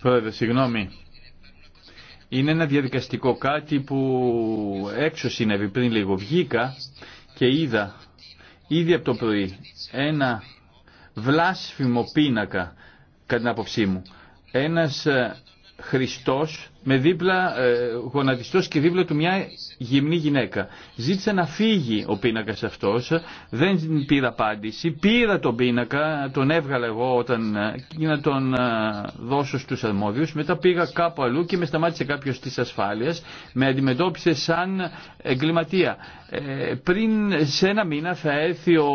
Πρόεδρε, συγγνώμη. Είναι ένα διαδικαστικό κάτι που έξω συνέβη πριν λίγο. Βγήκα και είδα ήδη από το πρωί ένα βλάσφημο πίνακα κατά την άποψή μου. Ένας ε, Χριστός με δίπλα, ε, γονατιστός και δίπλα του μια γυμνή γυναίκα. Ζήτησε να φύγει ο πίνακας αυτός, δεν πήρα απάντηση, πήρα τον πίνακα, τον έβγαλα εγώ όταν, ε, για να τον ε, δώσω στους αρμόδιους, μετά πήγα κάπου αλλού και με σταμάτησε κάποιος της ασφάλειας, με αντιμετώπισε σαν εγκληματία. Ε, πριν σε ένα μήνα θα έρθει ο,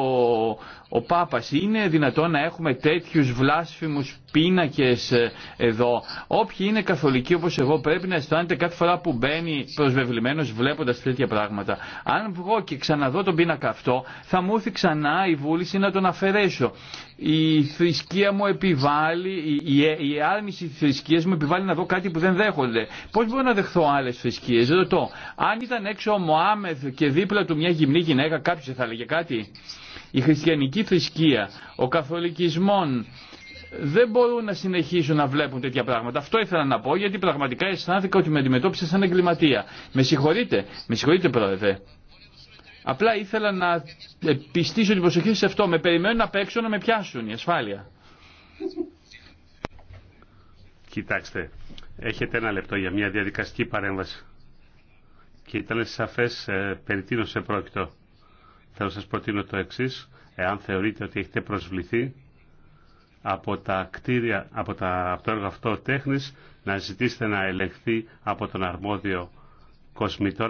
ο Πάπας. Είναι δυνατόν να έχουμε τέτοιους βλάσφημους πίνακες ε, εδώ. Όποιοι είναι καθολική όπω εγώ πρέπει να αισθάνεται κάθε φορά που μπαίνει προσβεβλημένο βλέποντα τέτοια πράγματα. Αν βγω και ξαναδώ τον πίνακα αυτό θα μου έρθει ξανά η βούληση να τον αφαιρέσω. Η θρησκεία μου επιβάλλει, η, η άρνηση τη θρησκεία μου επιβάλλει να δω κάτι που δεν δέχονται. Πώ μπορώ να δεχθώ άλλε θρησκείε, ρωτώ. Αν ήταν έξω ο Μωάμεθ και δίπλα του μια γυμνή γυναίκα κάποιο θα έλεγε κάτι. Η χριστιανική θρησκεία, ο καθολικισμός, δεν μπορούν να συνεχίσουν να βλέπουν τέτοια πράγματα. Αυτό ήθελα να πω γιατί πραγματικά αισθάνθηκα ότι με αντιμετώπισε σαν εγκληματία. Με συγχωρείτε, με συγχωρείτε πρόεδρε. Απλά ήθελα να πιστήσω την προσοχή σε αυτό. Με περιμένουν απ' έξω να με πιάσουν η ασφάλεια. Κοιτάξτε, έχετε ένα λεπτό για μια διαδικαστική παρέμβαση. Και ήταν σαφές ε, περί τίνος επρόκειτο. Θέλω να σας προτείνω το εξής. Εάν θεωρείτε ότι έχετε προσβληθεί, από τα κτίρια, από, τα, από το έργο αυτό τέχνης να ζητήσετε να ελεγχθεί από τον αρμόδιο κοσμητό